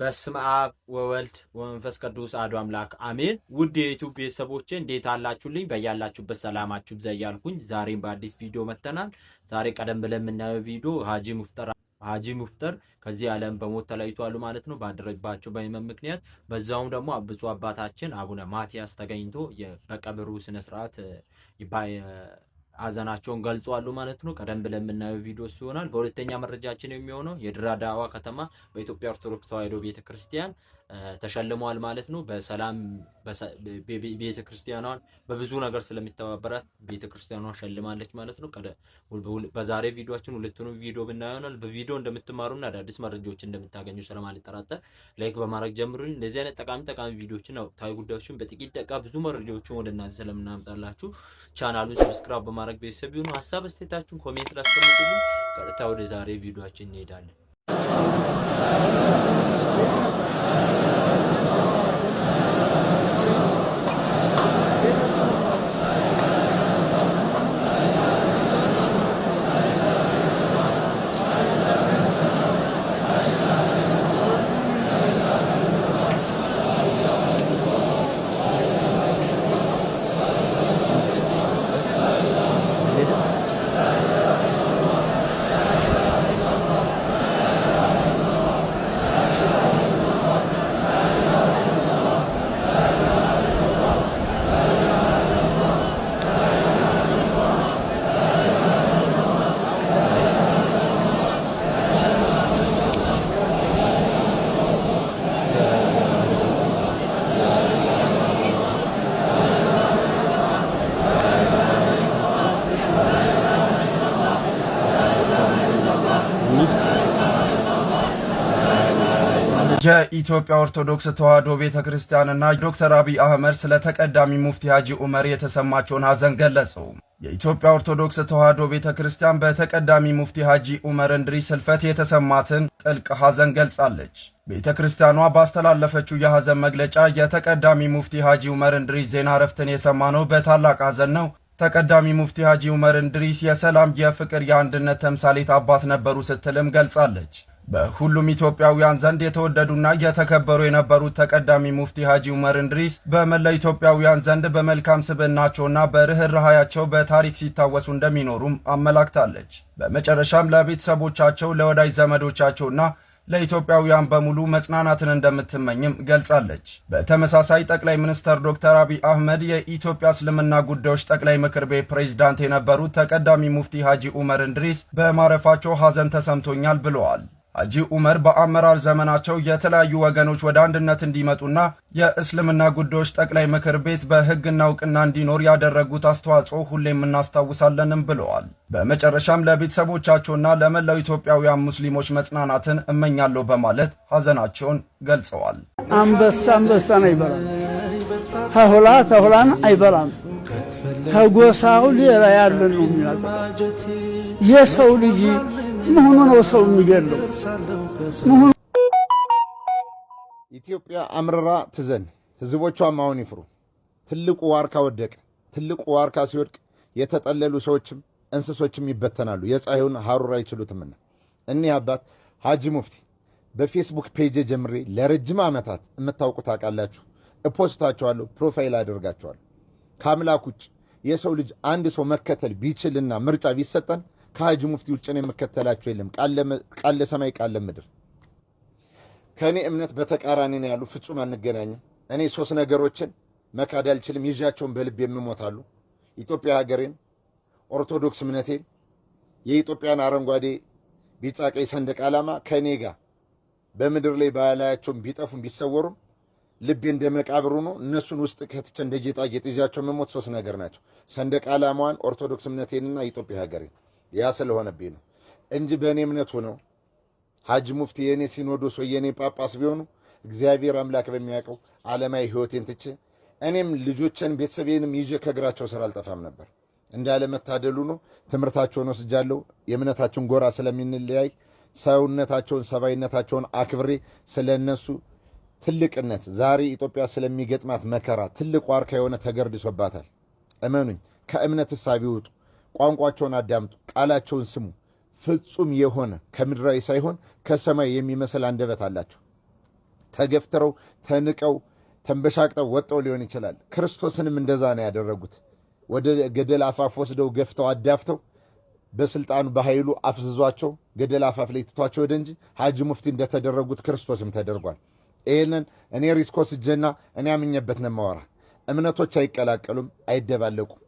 በስም አብ ወወልድ ወመንፈስ ቅዱስ አዶ አምላክ አሜን። ውድ የዩቲዩብ ቤተሰቦቼ እንዴት አላችሁልኝ? በያላችሁበት ሰላማችሁ ብዛ እያልኩኝ ዛሬም በአዲስ ቪዲዮ መጥተናል። ዛሬ ቀደም ብለን የምናየው ቪዲዮ ሀጂ ሙፍጠር ሀጂ ሙፍጠር ከዚህ ዓለም በሞት ተለይቷሉ ማለት ነው፣ ባደረባቸው በህመም ምክንያት። በዛውም ደግሞ ብፁዕ አባታችን አቡነ ማትያስ ተገኝቶ በቀብሩ ስነስርዓት ሀዘናቸውን ገልጸዋል ማለት ነው። ቀደም ብለን የምናየው ቪዲዮ ይሆናል። በሁለተኛ መረጃችን የሚሆነው የድራዳዋ ከተማ በኢትዮጵያ ኦርቶዶክስ ተዋሕዶ ቤተክርስቲያን ተሸልመዋል ማለት ነው። በሰላም ቤተክርስቲያኗን በብዙ ነገር ስለሚተባበራት ቤተክርስቲያኗ ሸልማለች ማለት ነው። በዛሬ ቪዲዮችን ሁለቱንም ቪዲዮ ብናየሆናል በቪዲዮ እንደምትማሩና አዳዲስ መረጃዎች እንደምታገኙ ስለማልጠራጠር ላይክ በማድረግ ጀምሩኝ። እንደዚህ አይነት ጠቃሚ ጠቃሚ ቪዲዮችን ወቅታዊ ጉዳዮችን በጥቂት ደቂቃ ብዙ መረጃዎችን ወደ እናንተ ስለምናመጣላችሁ ቻናሉን ሰብስክራይብ በማድረግ ቤተሰብ ይሁኑ። ሀሳብ አስተያየታችሁን ኮሜንት ላይ አስቀምጡልኝ። ቀጥታ ወደ ዛሬ ቪዲዮችን እንሄዳለን። どうも。የኢትዮጵያ ኦርቶዶክስ ተዋሕዶ ቤተ ክርስቲያንና ዶክተር አብይ አህመድ ስለ ተቀዳሚ ሙፍቲ ሀጂ ዑመር የተሰማቸውን ሀዘን ገለጹ። የኢትዮጵያ ኦርቶዶክስ ተዋሕዶ ቤተ ክርስቲያን በተቀዳሚ ሙፍቲ ሀጂ ዑመር እንድሪስ ስልፈት የተሰማትን ጥልቅ ሀዘን ገልጻለች። ቤተ ክርስቲያኗ ባስተላለፈችው የሀዘን መግለጫ የተቀዳሚ ሙፍቲ ሀጂ ዑመር እንድሪስ ዜና እረፍትን የሰማነው በታላቅ ሀዘን ነው። ተቀዳሚ ሙፍቲ ሀጂ ዑመር እንድሪስ የሰላም፣ የፍቅር፣ የአንድነት ተምሳሌት አባት ነበሩ ስትልም ገልጻለች። በሁሉም ኢትዮጵያውያን ዘንድ የተወደዱና የተከበሩ የነበሩት ተቀዳሚ ሙፍቲ ሀጂ ዑመር እንድሪስ በመላ ኢትዮጵያውያን ዘንድ በመልካም ስብዕናቸውና በርኅራኄያቸው በታሪክ ሲታወሱ እንደሚኖሩም አመላክታለች። በመጨረሻም ለቤተሰቦቻቸው፣ ለወዳጅ ዘመዶቻቸውና ለኢትዮጵያውያን በሙሉ መጽናናትን እንደምትመኝም ገልጻለች። በተመሳሳይ ጠቅላይ ሚኒስትር ዶክተር አብይ አህመድ የኢትዮጵያ እስልምና ጉዳዮች ጠቅላይ ምክር ቤት ፕሬዝዳንት የነበሩት ተቀዳሚ ሙፍቲ ሀጂ ዑመር እንድሪስ በማረፋቸው ሐዘን ተሰምቶኛል ብለዋል። ሐጂ ዑመር በአመራር ዘመናቸው የተለያዩ ወገኖች ወደ አንድነት እንዲመጡና የእስልምና ጉዳዮች ጠቅላይ ምክር ቤት በሕግና እውቅና እንዲኖር ያደረጉት አስተዋጽኦ ሁሌም እናስታውሳለንም ብለዋል። በመጨረሻም ለቤተሰቦቻቸውና ለመላው ኢትዮጵያውያን ሙስሊሞች መጽናናትን እመኛለሁ በማለት ሐዘናቸውን ገልጸዋል። አንበሳ አንበሳን አይበላም፣ ተሁላ ተሁላን አይበላም። ተጎሳው ሌላ ያለን ነው የሚያጠ የሰው ልጅ መሆኑ ነው ሰው የሚገለው። ኢትዮጵያ አምርራ ትዘን፣ ህዝቦቿም አሁን ይፍሩ። ትልቁ ዋርካ ወደቀ። ትልቁ ዋርካ ሲወድቅ የተጠለሉ ሰዎችም እንስሶችም ይበተናሉ፣ የፀሐዩን ሀሩር አይችሉትምና። እኒህ አባት ሀጂ ሙፍቲ በፌስቡክ ፔጅ ጀምሬ ለረጅም ዓመታት የምታውቁ ታውቃላችሁ። እፖስታቸዋለሁ፣ ፕሮፋይል አደርጋቸዋለሁ። ከአምላክ ውጭ የሰው ልጅ አንድ ሰው መከተል ቢችልና ምርጫ ቢሰጠን ከሀጅ ሙፍቲ ውጭ የምከተላቸው የለም። ቃለ ሰማይ ቃለ ምድር ከእኔ እምነት በተቃራኒ ነው ያሉ ፍጹም አንገናኝም። እኔ ሶስት ነገሮችን መካድ አልችልም። ይዣቸውን በልብ የምሞታሉ ኢትዮጵያ ሀገሬን፣ ኦርቶዶክስ እምነቴን፣ የኢትዮጵያን አረንጓዴ ቢጫ ቀይ ሰንደቅ ዓላማ ከእኔ ጋር በምድር ላይ ባላያቸውም ቢጠፉም ቢሰወሩም ልቤ እንደ መቃብሩ ነው። እነሱን ውስጥ ከትቼ እንደ ጌጣጌጥ ይዣቸው መሞት ሶስት ነገር ናቸው፤ ሰንደቅ ዓላማዋን፣ ኦርቶዶክስ እምነቴንና ኢትዮጵያ ሀገሬን ያ ስለሆነብኝ ነው እንጂ በእኔ እምነት ሆነው ሀጅ ሙፍቲ የእኔ ሲኖዶስ ወይ የእኔ ጳጳስ ቢሆኑ እግዚአብሔር አምላክ በሚያውቀው ዓለማዊ ህይወቴን ትቼ እኔም ልጆቼን ቤተሰቤንም ይዤ ከእግራቸው ስር አልጠፋም ነበር። እንዳለመታደሉ ነው። ትምህርታቸውን ወስጃለሁ። የእምነታቸውን ጎራ ስለሚንለያይ ሰውነታቸውን፣ ሰብአዊነታቸውን አክብሬ ስለ እነሱ ትልቅነት ዛሬ ኢትዮጵያ ስለሚገጥማት መከራ ትልቅ ዋርካ የሆነ ተገርድሶባታል። እመኑኝ፣ ከእምነት እሳቢ ውጡ። ቋንቋቸውን አዳምጡ፣ ቃላቸውን ስሙ። ፍጹም የሆነ ከምድራዊ ሳይሆን ከሰማይ የሚመስል አንደበት አላቸው። ተገፍትረው ተንቀው ተንበሻቅጠው ወጠው ሊሆን ይችላል። ክርስቶስንም እንደዛ ነው ያደረጉት። ወደ ገደል አፋፍ ወስደው ገፍተው አዳፍተው በስልጣኑ በኃይሉ አፍዝዟቸው ገደል አፋፍ ላይ ትቷቸው ወደ እንጂ ሀጂ ሙፍቲ እንደተደረጉት ክርስቶስም ተደርጓል። ይህንን እኔ ሪስኮ ስጀና እኔ ያምኘበት ነው የማወራ። እምነቶች አይቀላቀሉም፣ አይደባለቁም።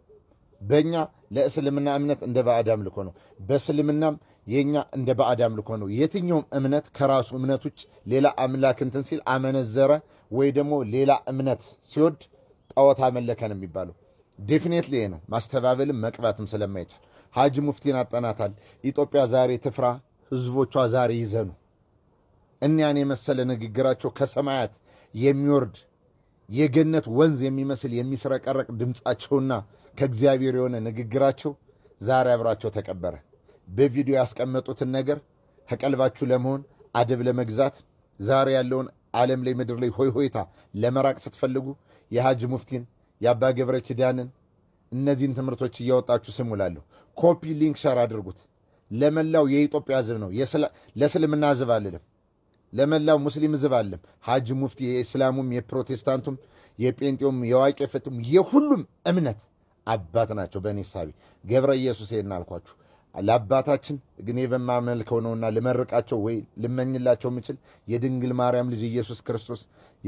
በእኛ ለእስልምና እምነት እንደ ባዕድ አምልኮ ነው። በእስልምናም የእኛ እንደ ባዕድ አምልኮ ነው። የትኛውም እምነት ከራሱ እምነት ውጭ ሌላ አምላክ እንትን ሲል አመነዘረ ወይ ደግሞ ሌላ እምነት ሲወድ ጣዖት አመለከ ነው የሚባለው። ዴፊኔትሊ ነው ማስተባበልም መቅባትም ስለማይቻል ሀጅ ሙፍቲን አጠናታል። ኢትዮጵያ ዛሬ ትፍራ፣ ህዝቦቿ ዛሬ ይዘኑ። እኒያን የመሰለ ንግግራቸው ከሰማያት የሚወርድ የገነት ወንዝ የሚመስል የሚስረቀረቅ ድምፃቸውና ከእግዚአብሔር የሆነ ንግግራቸው ዛሬ አብሯቸው ተቀበረ። በቪዲዮ ያስቀመጡትን ነገር ከቀልባችሁ ለመሆን አደብ ለመግዛት ዛሬ ያለውን ዓለም ላይ ምድር ላይ ሆይ ሆይታ ለመራቅ ስትፈልጉ የሃጅ ሙፍቲን የአባ ገብረ ኪዳንን እነዚህን ትምህርቶች እያወጣችሁ ስሙላለሁ። ኮፒ ሊንክ ሸር አድርጉት። ለመላው የኢትዮጵያ ሕዝብ ነው፣ ለእስልምና ዝብ አልልም፣ ለመላው ሙስሊም ዝብ አልልም። ሃጅ ሙፍቲ የእስላሙም፣ የፕሮቴስታንቱም፣ የጴንጤውም፣ የዋቄፈቱም የሁሉም እምነት አባት ናቸው። በእኔ ሳቢ ገብረ ኢየሱስ አልኳችሁ ለአባታችን እኔ በማመልከው ነውና ልመርቃቸው ወይ ልመኝላቸው የምችል የድንግል ማርያም ልጅ ኢየሱስ ክርስቶስ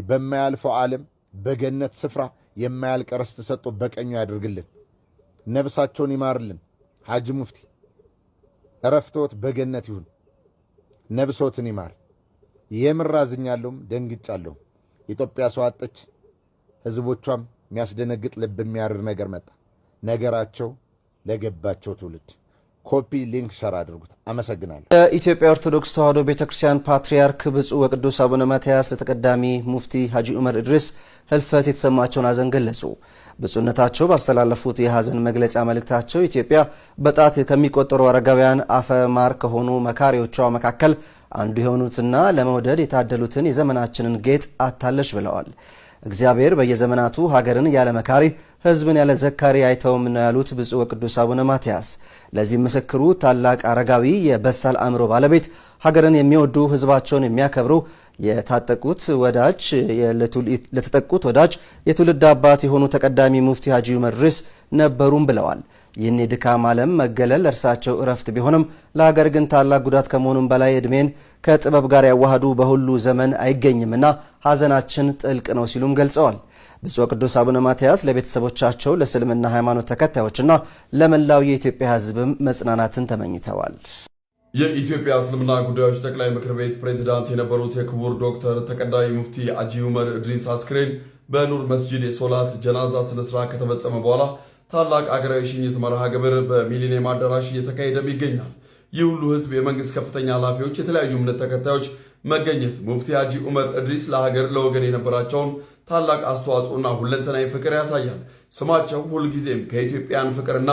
በማያልፈው ዓለም በገነት ስፍራ የማያልቅ ርስት ሰጥቶ በቀኙ ያድርግልን፣ ነፍሳቸውን ይማርልን። ሐጂ ሙፍቲ እረፍቶት በገነት ይሁን፣ ነብሶትን ይማር። የምር አዝኛለሁም ደንግጫለሁም። ኢትዮጵያ ሰው አጠች፣ ህዝቦቿም የሚያስደነግጥ ልብ የሚያርር ነገር መጣ። ነገራቸው ለገባቸው ትውልድ ኮፒ ሊንክ ሸር አድርጉት። አመሰግናለሁ። የኢትዮጵያ ኦርቶዶክስ ተዋሕዶ ቤተ ክርስቲያን ፓትርያርክ ብፁዕ ወቅዱስ አቡነ ማትያስ ለተቀዳሚ ሙፍቲ ሀጂ ዑመር እድሪስ ህልፈት የተሰማቸውን ሐዘን ገለጹ። ብፁዕነታቸው ባስተላለፉት የሐዘን መግለጫ መልእክታቸው ኢትዮጵያ በጣት ከሚቆጠሩ አረጋውያን አፈማር ከሆኑ መካሪዎቿ መካከል አንዱ የሆኑትና ለመውደድ የታደሉትን የዘመናችንን ጌጥ አታለች ብለዋል። እግዚአብሔር በየዘመናቱ ሀገርን ያለ መካሪ ህዝብን ያለ ዘካሪ አይተውም ነው ያሉት ብፁዕ ወቅዱስ አቡነ ማትያስ። ለዚህ ምስክሩ ታላቅ አረጋዊ የበሳል አእምሮ ባለቤት፣ ሀገርን የሚወዱ ህዝባቸውን የሚያከብሩ የታጠቁት ወዳጅ ለተጠቁት ወዳጅ የትውልድ አባት የሆኑ ተቀዳሚ ሙፍቲ ሀጂ ዑመር ነበሩም ብለዋል። ይህን የድካም ዓለም መገለል እርሳቸው እረፍት ቢሆንም ለሀገር ግን ታላቅ ጉዳት ከመሆኑም በላይ ዕድሜን ከጥበብ ጋር ያዋህዱ በሁሉ ዘመን አይገኝምና ሐዘናችን ጥልቅ ነው ሲሉም ገልጸዋል። ብፁዕ ቅዱስ አቡነ ማትያስ ለቤተሰቦቻቸው፣ ለእስልምና ሃይማኖት ተከታዮችና ለመላው የኢትዮጵያ ሕዝብም መጽናናትን ተመኝተዋል። የኢትዮጵያ እስልምና ጉዳዮች ጠቅላይ ምክር ቤት ፕሬዚዳንት የነበሩት የክቡር ዶክተር ተቀዳሚ ሙፍቲ አጂ ዑመር እድሪስ አስክሬን በኑር መስጂድ የሶላት ጀናዛ ስነስርዓት ከተፈጸመ በኋላ ታላቅ አገራዊ ሽኝት መርሃ ግብር በሚሊኒየም አዳራሽ እየተካሄደም ይገኛል። ይህ ሁሉ ህዝብ፣ የመንግስት ከፍተኛ ኃላፊዎች፣ የተለያዩ እምነት ተከታዮች መገኘት ሙፍቲ ሐጂ ዑመር እድሪስ ለሀገር ለወገን የነበራቸውን ታላቅ አስተዋጽኦና ሁለንተናዊ ፍቅር ያሳያል። ስማቸው ሁልጊዜም ከኢትዮጵያን ፍቅርና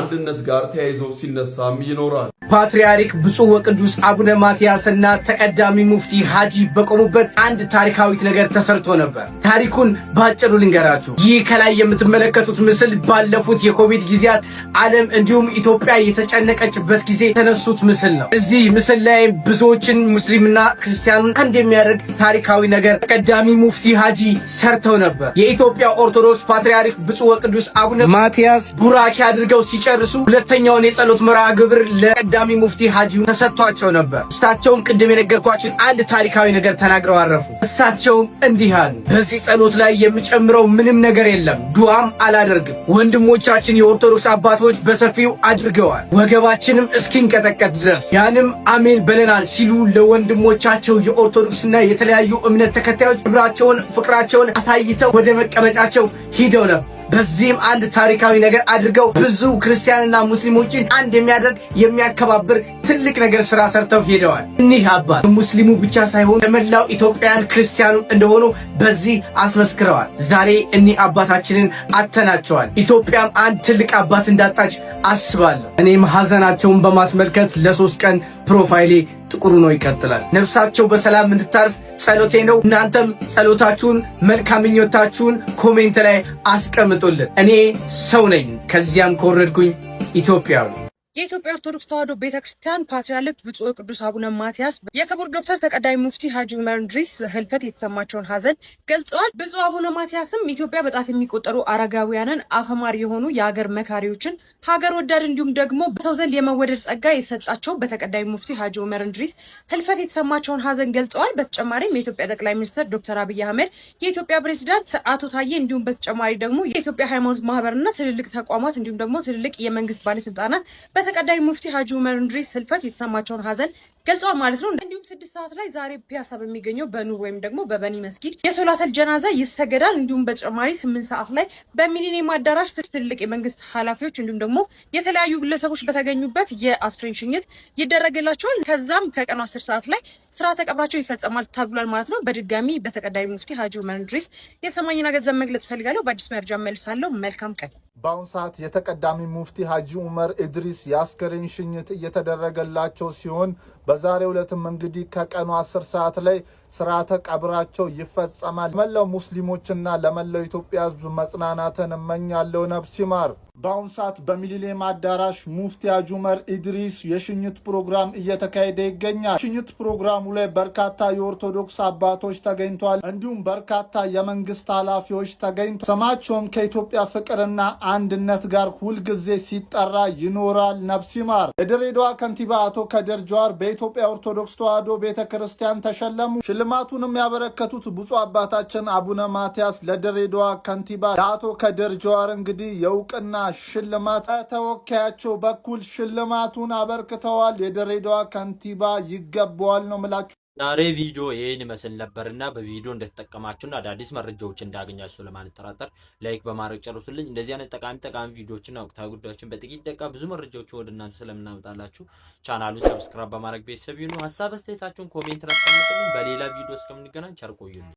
አንድነት ጋር ተያይዞ ሲነሳም ይኖራል። ፓትርያርክ ብፁዕ ወቅዱስ አቡነ ማትያስና ተቀዳሚ ሙፍቲ ሀጂ በቆሙበት አንድ ታሪካዊት ነገር ተሰርቶ ነበር። ታሪኩን ባጭሩ ልንገራችሁ። ይህ ከላይ የምትመለከቱት ምስል ባለፉት የኮቪድ ጊዜያት ዓለም እንዲሁም ኢትዮጵያ የተጨነቀችበት ጊዜ የተነሱት ምስል ነው። እዚህ ምስል ላይ ብዙዎችን ሙስሊምና ክርስቲያኑን አንድ የሚያደርግ ታሪካዊ ነገር ተቀዳሚ ሙፍቲ ሀጂ ሰርተው ነበር። የኢትዮጵያ ኦርቶዶክስ ፓትርያርክ ብፁዕ ወቅዱስ አቡነ ማትያስ ቡራኪ አድርገው ሲጨርሱ ሁለተኛውን የጸሎት መርሃ ግብር ለቀዳ ተቀዳሚ ሙፍቲ ሀጂ ተሰጥቷቸው ነበር። እሳቸውም ቅድም የነገርኳችሁን አንድ ታሪካዊ ነገር ተናግረው አረፉ። እሳቸውም እንዲህ አሉ፣ በዚህ ጸሎት ላይ የምጨምረው ምንም ነገር የለም፣ ዱዓም አላደርግም። ወንድሞቻችን የኦርቶዶክስ አባቶች በሰፊው አድርገዋል፣ ወገባችንም እስኪንቀጠቀጥ ድረስ ያንም አሜን በለናል ሲሉ ለወንድሞቻቸው የኦርቶዶክስና የተለያዩ እምነት ተከታዮች ክብራቸውን፣ ፍቅራቸውን አሳይተው ወደ መቀመጫቸው ሂደው ነበር። በዚህም አንድ ታሪካዊ ነገር አድርገው ብዙ ክርስቲያንና ሙስሊሞችን አንድ የሚያደርግ የሚያከባብር ትልቅ ነገር ስራ ሰርተው ሄደዋል። እኒህ አባት ሙስሊሙ ብቻ ሳይሆን ለመላው ኢትዮጵያውያን ክርስቲያኑ እንደሆኑ በዚህ አስመስክረዋል። ዛሬ እኒህ አባታችንን አተናቸዋል። ኢትዮጵያም አንድ ትልቅ አባት እንዳጣች አስባለሁ። እኔም ሀዘናቸውን በማስመልከት ለሶስት ቀን ፕሮፋይሌ ጥቁር ነው ይቀጥላል። ነፍሳቸው በሰላም እንድታርፍ ጸሎቴ ነው። እናንተም ጸሎታችሁን፣ መልካም ምኞታችሁን ኮሜንት ላይ አስቀምጡልን። እኔ ሰው ነኝ፣ ከዚያም ከወረድኩኝ ኢትዮጵያዊ የኢትዮጵያ ኦርቶዶክስ ተዋሕዶ ቤተክርስቲያን ፓትርያርክ ብፁዕ ቅዱስ አቡነ ማትያስ የክቡር ዶክተር ተቀዳሚ ሙፍቲ ሀጂ ዑመር እንድሪስ ህልፈት የተሰማቸውን ሀዘን ገልጸዋል። ብፁዕ አቡነ ማትያስም ኢትዮጵያ በጣት የሚቆጠሩ አረጋውያንን አፈማሪ የሆኑ የሀገር መካሪዎችን፣ ሀገር ወዳድ እንዲሁም ደግሞ በሰው ዘንድ የመወደድ ጸጋ የተሰጣቸው በተቀዳሚ ሙፍቲ ሀጂ ዑመር እንድሪስ ህልፈት የተሰማቸውን ሀዘን ገልጸዋል። በተጨማሪም የኢትዮጵያ ጠቅላይ ሚኒስትር ዶክተር አብይ አህመድ፣ የኢትዮጵያ ፕሬዚዳንት አቶ ታዬ እንዲሁም በተጨማሪ ደግሞ የኢትዮጵያ ሃይማኖት ማህበርና ትልልቅ ተቋማት እንዲሁም ደግሞ ትልልቅ የመንግስት ባለስልጣናት በተቀዳይ ሙፍቲ ሀጂ ዑመር እንድሪስ ህልፈት የተሰማቸውን ሀዘን ገልጿ ማለት ነው። እንዲሁም ስድስት ሰዓት ላይ ዛሬ ፒያሳ በሚገኘው በኑር ወይም ደግሞ በበኒ መስጊድ የሶላተል ጀናዛ ይሰገዳል። እንዲሁም በተጨማሪ ስምንት ሰዓት ላይ በሚሊኒየም አዳራሽ ትልልቅ የመንግስት ኃላፊዎች እንዲሁም ደግሞ የተለያዩ ግለሰቦች በተገኙበት የአስክሬን ሽኝት ይደረግላቸዋል። ከዛም ከቀኑ አስር ሰዓት ላይ ስራ ተቀብራቸው ይፈጸማል ተብሏል ማለት ነው። በድጋሚ በተቀዳሚ ሙፍቲ ሀጂ ዑመር እንድሪስ የተሰማኝና ገንዘብ መግለጽ ፈልጋለሁ። በአዲስ መረጃ መልሳለሁ። መልካም ቀን። በአሁኑ ሰዓት የተቀዳሚ ሙፍቲ ሀጂ ዑመር ኢድሪስ የአስክሬን ሽኝት እየተደረገላቸው ሲሆን በዛሬ ዕለትም እንግዲህ ከቀኑ አስር ሰዓት ላይ ስርዓተ ቀብራቸው ይፈጸማል። ለመላው ሙስሊሞችና ለመላው ኢትዮጵያ ሕዝብ መጽናናትን እመኛለሁ። ነብስ ይማር። በአሁን ሰዓት በሚሊኒየም አዳራሽ ሙፍቲ ሀጂ ዑመር ኢድሪስ የሽኝት ፕሮግራም እየተካሄደ ይገኛል። ሽኝት ፕሮግራሙ ላይ በርካታ የኦርቶዶክስ አባቶች ተገኝተዋል። እንዲሁም በርካታ የመንግስት ኃላፊዎች ተገኝቷል። ስማቸውም ከኢትዮጵያ ፍቅርና አንድነት ጋር ሁልጊዜ ሲጠራ ይኖራል። ነፍስ ይማር። የድሬዳዋ ከንቲባ አቶ ከድር ጀዋር በኢትዮጵያ ኦርቶዶክስ ተዋሕዶ ቤተ ክርስቲያን ተሸለሙ። ሽልማቱንም ያበረከቱት ብፁዕ አባታችን አቡነ ማትያስ ለድሬዳዋ ከንቲባ ለአቶ ከድር ጀዋር እንግዲህ የእውቅና ሽልማት በተወካያቸው በኩል ሽልማቱን አበርክተዋል። የድሬዳዋ ከንቲባ ይገባዋል ነው ምላችሁ። ዛሬ ቪዲዮ ይህን ይመስል ነበር እና በቪዲዮ እንደተጠቀማችሁና አዳዲስ መረጃዎች እንዳገኛችሁ ስለማንጠራጠር ላይክ በማድረግ ጨርሱልኝ። እንደዚህ አይነት ጠቃሚ ጠቃሚ ቪዲዮዎችና ወቅታዊ ጉዳዮችን በጥቂት ደቂቃ ብዙ መረጃዎችን ወደ እናንተ ስለምናመጣላችሁ ቻናሉን ሰብስክራይብ በማድረግ ቤተሰብ ይሁኑ። ሀሳብ አስተያየታችሁን ኮሜንት ረስቀምጥልኝ። በሌላ ቪዲዮ እስከምንገናኝ ቸር ቆዩልኝ።